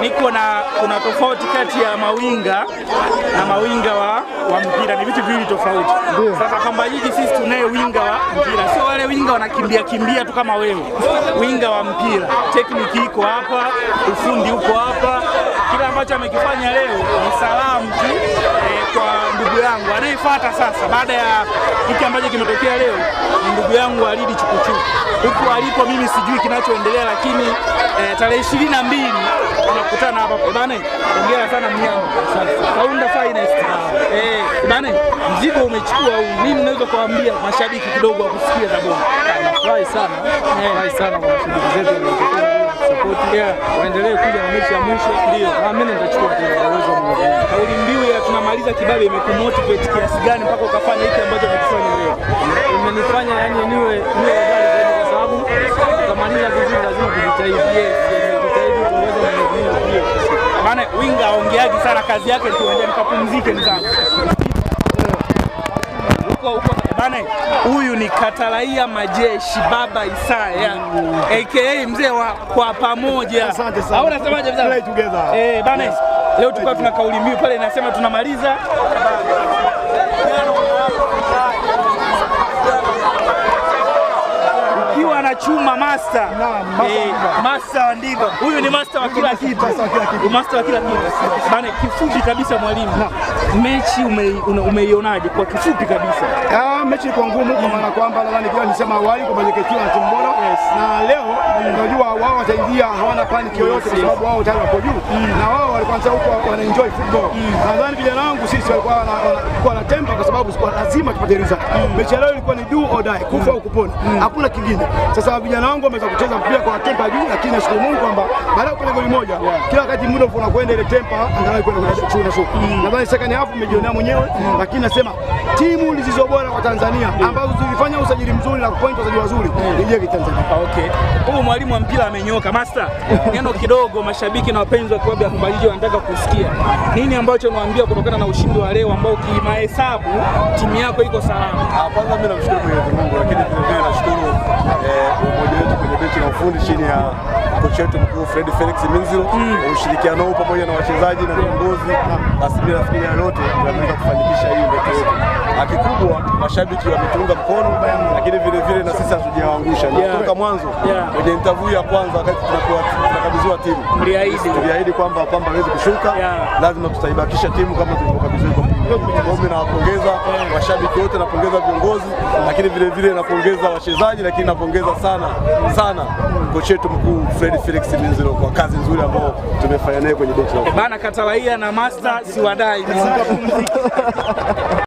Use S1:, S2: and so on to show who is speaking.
S1: niko na kuna tofauti kati ya mawinga na mawinga wa, wa mpira ni vitu viwili tofauti. Sasa kwamba hivi sisi tunaye winga wa mpira, sio wale winga wanakimbia kimbia tu kama wewe. Winga wa mpira, tekniki iko hapa, ufundi uko hapa. kila ambacho amekifanya leo ni salamu tu kwa ndugu yangu anayefuata sasa, baada ya hiki ambacho kimetokea leo, ni ndugu yangu Walidi Chukuchuku. Huku alipo mimi sijui kinachoendelea, lakini eh, tarehe ishirini na mbili tunakutana hapa bana. Ongea sana mnyama Kaunda Finest eh bana, mzigo umechukua huu. Mimi naweza kuambia mashabiki kidogo wakusikia Tabora.
S2: Nafurahi sana, nafurahi sana kwa mashabiki zetu waendelee kuja na mechi ya mwisho, ndio naamini nitachukua uwezo.
S1: Kauli mbiu unamaliza kibabe, imekumotivate kiasi gani mpaka ukafanya hiki ambacho umekifanya leo? Imenifanya yani niwe niwe zaidi, kwa sababu ukamaliza vizuri, lazima kujitahidi maana winga aongeaji sana, kazi yake tuende nikapumzike Huyu ni Katalaia Majeshi Baba Isaya aka mzee wa kwa pamoja, au unasemaje mzee? Eh Leo tukawa tuna kauli mbiu pale inasema tunamaliza ukiwa na chuma master. Eh, master ndiva huyu ni master wa kila kitu, master wa kila kitu bana. Kifupi kabisa mwalimu, mechi umeionaje? Kwa kifupi kabisa,
S3: ah, mechi kwa ngumu, kwa maana kwamba nadhani kila nisema awali kwamba JKT na timu bora na leo unajua wao wataingia hawana paniki yoyote, kwa sababu wao tayari wako juu na wao walikuwa huko wana enjoy football. Nadhani vijana wangu sisi walikuwa walikuwa na tempa, kwa sababu sikuwa lazima tupate result. Mechi leo ilikuwa ni do or die, kufa au kupona, hakuna kingine. Sasa vijana wangu wameweza kucheza mpira kwa tempa juu, lakini nashukuru Mungu kwamba baada ya kupata goli moja, kila wakati muda unakwenda ile tempa angalau kwenda kwenda kuna shuka. Nadhani second half umejionea mwenyewe, lakini nasema timu zilizo bora kwa Tanzania ambazo zilifanya usajili mzuri na kupoint wachezaji wazuri ni Tanzania
S1: okay. Huyu mwalimu wa mpira amenyoka. Master, neno kidogo mashabiki na wapenzi wa klabu ya Kumbajiji wanataka kusikia nini ambacho unawaambia kutokana na ushindi wa leo ambao kimahesabu timu yako iko salama?
S3: Ah, kwanza mimi namshukuru Mwenyezi Mungu, lakini vile vile nashukuru eh, umoja wetu kwenye benchi la ufundi chini ya kocha wetu mkuu Fred Felix Minziro, mm. ushirikiano huu pamoja na wachezaji na viongozi, basi mimi nafikiri yote tunaweza kufanikisha hii ndoto yetu. Kikubwa mashabiki wametunga mkono, lakini vile vile na sisi hatujawaangusha kutoka mwanzo. Kwenye interview ya kwanza, wakati tunakuwa tunakabidhiwa timu, tuliahidi kwamba kwamba hawezi kushuka, lazima tutaibakisha timu kama tulivyokabidhiwa kombe. Nawapongeza washabiki wote, napongeza viongozi, lakini vile vile napongeza wachezaji, lakini napongeza sana sana mm. kocha wetu mkuu Fred Fred Felix Minziro kwa kazi nzuri ambayo tumefanya naye kwenye benchi la
S1: bana Katalaia na Master siwadai